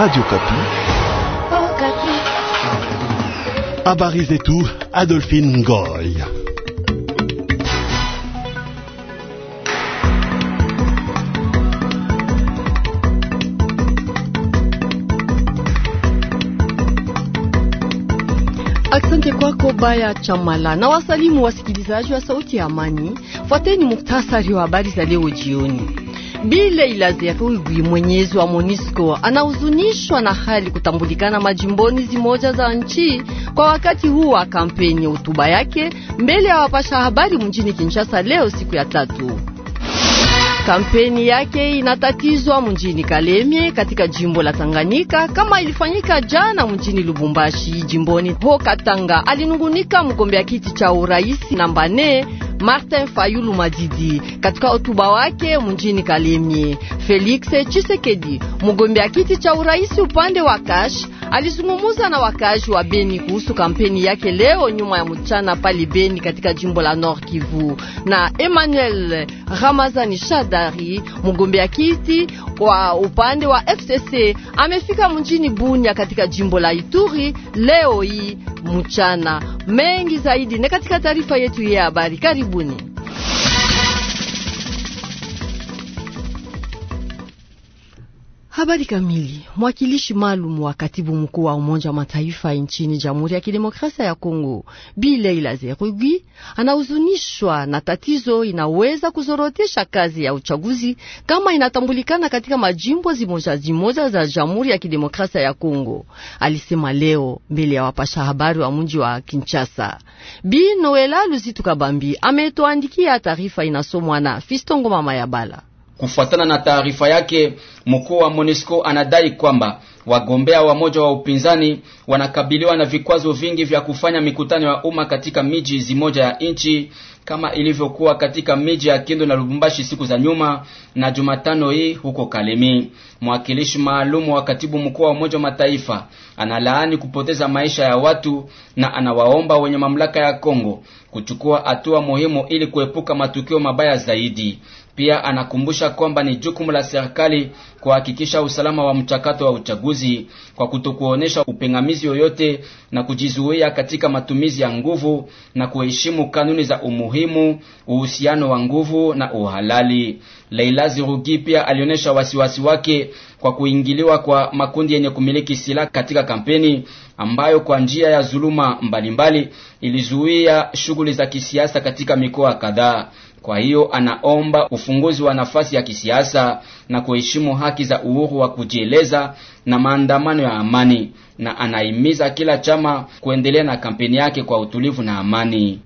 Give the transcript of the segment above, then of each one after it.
Radio Kapi. Oh, Kapi. Habari zetu Adolphine Ngoy. Asante kwako Baya Chamala na wasalimu wasikilizaji wa Sauti ya Amani. Fuateni muktasari wa habari za leo jioni. Bileila Zerugwi, mwenyezi wa Monisco, anahuzunishwa na hali kutambulikana majimboni zimoja za nchi kwa wakati huu wa kampeni. Hotuba yake mbele ya wapasha habari mjini Kinshasa leo siku ya tatu. Kampeni yake inatatizwa mjini Kalemie katika jimbo la Tanganyika kama ilifanyika jana mjini Lubumbashi jimboni ho katanga Alinungunika mgombea kiti cha urais namba Martin Fayulu Madidi katika hotuba wake mjini Kalemie. Felix Chisekedi, mgombea kiti cha urais upande wa Kash, alizungumuza na wakazi wa Beni kuhusu kampeni yake leo nyuma ya mchana pale Beni katika jimbo la Nord Kivu, na Emmanuel Ramazani Shadari, mgombea kiti kwa upande wa FCC amefika mjini Bunia katika jimbo la Ituri leo hii mchana. Mengi zaidi ni katika taarifa yetu ya habari. Karibuni. Habari kamili. Mwakilishi maalum wa katibu mkuu wa Umoja wa Mataifa nchini Jamhuri ya Kidemokrasia ya Kongo, Bi Leila Zerugi, anahuzunishwa na tatizo inaweza kuzorotesha kazi ya uchaguzi kama inatambulikana katika majimbo zimoja zimoja za Jamhuri ya Kidemokrasia ya Kongo. Alisema leo mbele ya wapasha habari wa mji wa Kinshasa. Bi Noela Luzitu Kabambi ametuandikia taarifa inasomwa na Fistongo Mama Yabala. Kufuatana na taarifa yake, mkuu wa MONUSCO anadai kwamba wagombea wamoja wa upinzani wanakabiliwa na vikwazo vingi vya kufanya mikutano ya umma katika miji zimoja ya nchi kama ilivyokuwa katika miji ya Kindu na Lubumbashi siku za nyuma na Jumatano hii huko Kalemi. Mwakilishi maalumu wa katibu mkuu wa Umoja wa Mataifa analaani kupoteza maisha ya watu na anawaomba wenye mamlaka ya Kongo kuchukua hatua muhimu ili kuepuka matukio mabaya zaidi. Pia anakumbusha kwamba ni jukumu la serikali kuhakikisha usalama wa mchakato wa uchaguzi kwa kutokuonesha upingamizi yoyote na kujizuia katika matumizi ya nguvu na kuheshimu kanuni za umuhimu, uhusiano wa nguvu na uhalali. Leila Zirugi pia alionyesha wasiwasi wake kwa kuingiliwa kwa makundi yenye kumiliki silaha katika kampeni ambayo kwa njia ya zuluma mbalimbali ilizuia shughuli za kisiasa katika mikoa kadhaa. Kwa hiyo anaomba ufunguzi wa nafasi ya kisiasa na kuheshimu haki za uhuru wa kujieleza na maandamano ya amani, na anahimiza kila chama kuendelea na kampeni yake kwa utulivu na amani.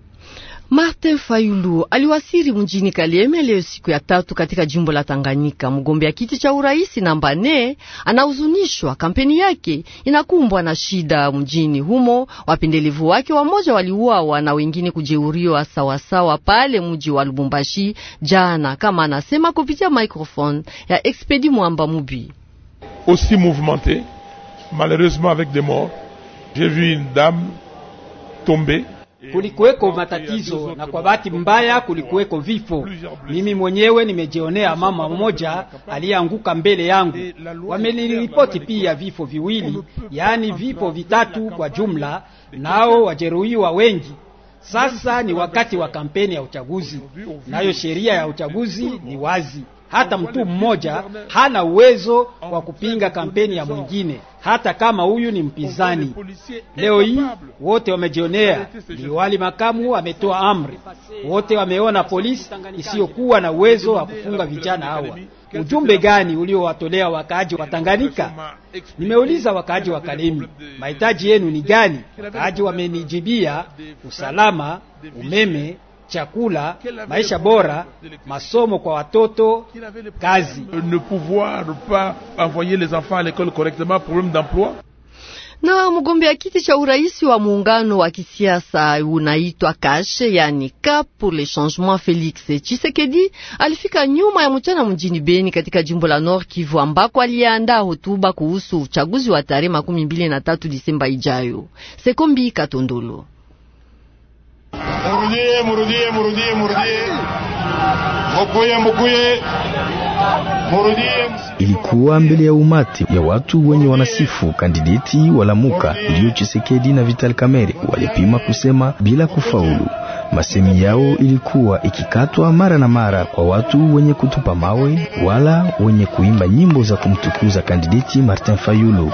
Martin Fayulu aliwasiri mjini Kalieme leo siku ya tatu katika jimbo la Tanganyika. Mgombea kiti cha urais namba nne anahuzunishwa, kampeni yake inakumbwa na shida mjini humo. Wapendelevu wake wamoja waliuawa na wengine kujeuriwa sawasawa pale mji wa Lubumbashi jana, kama anasema kupitia microphone ya Expedi Mwamba Mubi. Aussi mouvementé malheureusement avec des morts j'ai vu une dame tomber kulikuweko matatizo na kwa bahati mbaya kulikuweko vifo. Mimi mwenyewe nimejionea mama mmoja aliyeanguka mbele yangu. Wameniripoti pia vifo viwili, yaani vifo vitatu kwa jumla, nao wajeruhiwa wengi. Sasa ni wakati wa kampeni ya uchaguzi, nayo sheria ya uchaguzi ni wazi hata mtu mmoja hana uwezo wa kupinga kampeni ya mwingine, hata kama huyu ni mpinzani. Leo hii wote wamejionea, liwali makamu ametoa amri, wote wameona polisi isiyokuwa na uwezo wa kufunga vijana hawa. Ujumbe gani uliowatolea wakaaji wa Tanganyika? Nimeuliza wakaaji wa Kalemi, mahitaji yenu ni gani? Wakaaji wamenijibia usalama, umeme chakula, maisha bora, masomo kwa watoto, kazi. Ne pouvoir pas envoyer les enfants à l'école correctement, problème d'emploi na mgombea kiti cha urais wa muungano wa kisiasa unaitwa Kashe, yani Cap pour le Changement, Felix Tshisekedi alifika nyuma ya mchana mjini Beni katika jimbo la Nord Kivu ambako aliandaa hotuba kuhusu uchaguzi wa tarehe makumi mbili na tatu Disemba ijayo. Sekombi Katondolo Murudie, murudie, murudie, murudie, mukuye, mukuye, murudie. Ilikuwa mbele ya umati ya watu wenye wanasifu kandideti wa Lamuka, ndio Chisekedi na Vital Kamerhe walipima kusema bila kufaulu. Masemi yao ilikuwa ikikatwa mara na mara kwa watu wenye kutupa mawe wala wenye kuimba nyimbo za kumtukuza kandideti Martin Fayulu.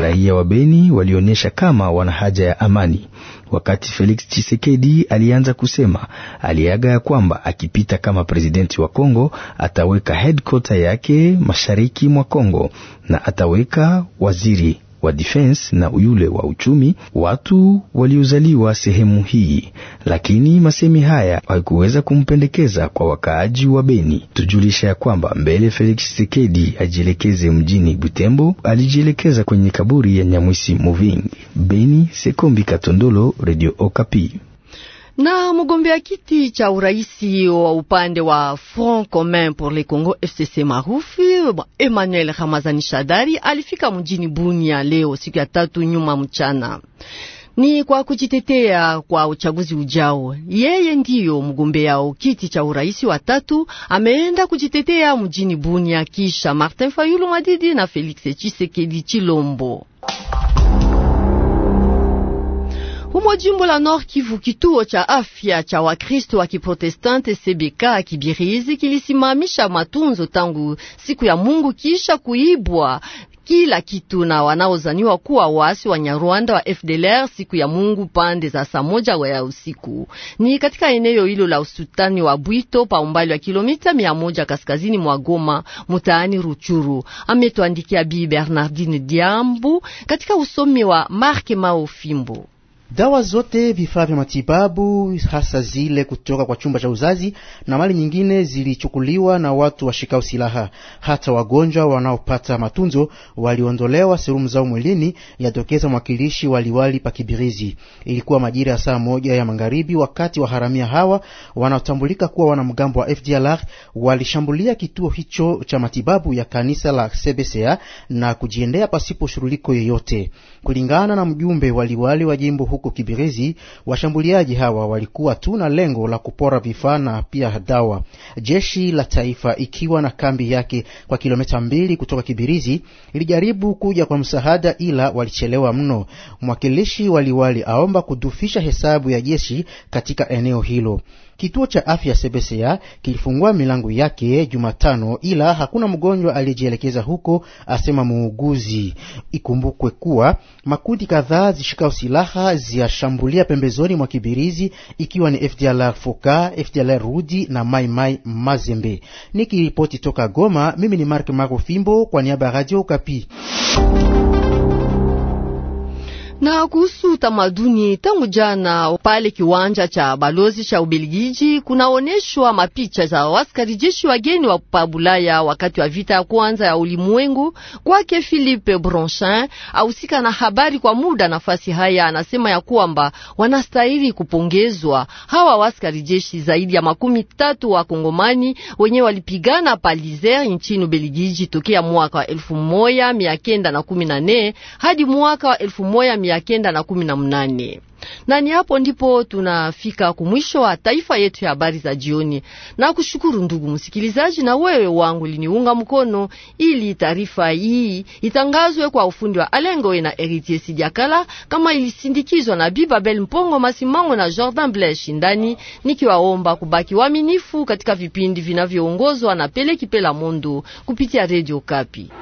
Raia wa Beni walionyesha kama wana haja ya amani. Wakati Felix Tshisekedi alianza kusema, aliaga ya kwamba akipita kama presidenti wa Kongo ataweka headquarter yake mashariki mwa Kongo na ataweka waziri wa defense na yule wa uchumi, watu waliozaliwa sehemu hii, lakini masemi haya haikuweza kumpendekeza kwa wakaaji wa Beni. Tujulisha ya kwamba mbele Felix Tshisekedi ajielekeze mjini Butembo, alijielekeza kwenye kaburi ya Nyamwisi Moving. Beni, Sekombi Katondolo, Radio Okapi. Na mgombea kiti cha uraisi wa upande wa Front Commun pour le Congo FCC maarufu Emmanuel Ramazani Shadari alifika mjini Bunia leo siku ya tatu nyuma mchana ni kwa kujitetea kwa uchaguzi ujao. Yeye ndiyo mgombea kiti cha urais wa tatu, ameenda kujitetea mjini Bunia kisha Martin Fayulu Madidi na Felix Chisekedi Chilombo. Humo jimbo la Nord Kivu, kituo cha afya cha Wakristo wa Kiprotestante Sebeka Kibirizi kilisimamisha matunzo tangu siku ya Mungu kisha kuibwa kila kitu na wanaozaniwa kuwa wasi wa Nyarwanda wa FDLR siku ya Mungu pande za saa moja ya usiku. Ni katika eneo hilo la usutani wa Bwito pa umbali wa kilomita mia moja kaskazini mwa Goma mutaani Ruchuru. Ametuandikia Bi Bernardine Diambu katika usomi wa Marke Mao Fimbo. Dawa zote, vifaa vya matibabu, hasa zile kutoka kwa chumba cha uzazi na mali nyingine zilichukuliwa na watu washikao silaha. Hata wagonjwa wanaopata matunzo waliondolewa serumu zao mwilini, yatokeza mwakilishi waliwali pa Kibirizi. Ilikuwa majira ya saa moja ya magharibi, wakati waharamia hawa wanaotambulika kuwa wanamgambo wa FDLR walishambulia kituo hicho cha matibabu ya kanisa la CBCA na kujiendea pasipo shuruliko yoyote, kulingana na mjumbe waliwali wa jimbo huko Kibirizi. Washambuliaji hawa walikuwa tu na lengo la kupora vifaa na pia dawa. Jeshi la taifa ikiwa na kambi yake kwa kilomita mbili kutoka Kibirizi ilijaribu kuja kwa msaada, ila walichelewa mno. Mwakilishi waliwali aomba kudufisha hesabu ya jeshi katika eneo hilo. Kituo cha afya Sebesea kilifungua milango yake Jumatano, ila hakuna mgonjwa aliyejielekeza huko, asema muuguzi. Ikumbukwe kuwa makundi kadhaa zishikao silaha ziyashambulia pembezoni mwa Kibirizi, ikiwa ni FDLR Foka, FDLR Rudi na Maimai Mai Mazembe. Nikiripoti toka Goma, mimi ni Mark Marofimbo kwa niaba ya Radio Kapi. Na kuhusu tamaduni, tangu jana pale kiwanja cha balozi cha Ubelgiji kunaonyeshwa mapicha za waskari jeshi wageni wa pabulaya wakati wa vita ya kwanza ya ulimwengu. Kwake Philippe Bronchin ahusika na habari kwa muda nafasi haya, anasema ya kwamba wanastahili kupongezwa hawa waskari jeshi zaidi ya makumi tatu wa Kongomani wenye walipigana Palizer nchini Ubelgiji tokea mwaka wa elfu moja mia kenda na kumi na nne hadi mwaka wa elfu moja mia ya kenda na kumi na mnane na ni hapo ndipo tunafika kumwisho wa taifa yetu ya habari za jioni, na kushukuru ndugu msikilizaji na wewe wangu liniunga mkono ili taarifa hii itangazwe kwa ufundi wa Alengoe na Eritier Sidiakala, kama ilisindikizwa na Bibabel Mpongo Masimango na Jordan Blesh ndani, nikiwaomba kubaki waaminifu katika vipindi vinavyoongozwa na Pele Kipela Mondo kupitia Radio Kapi.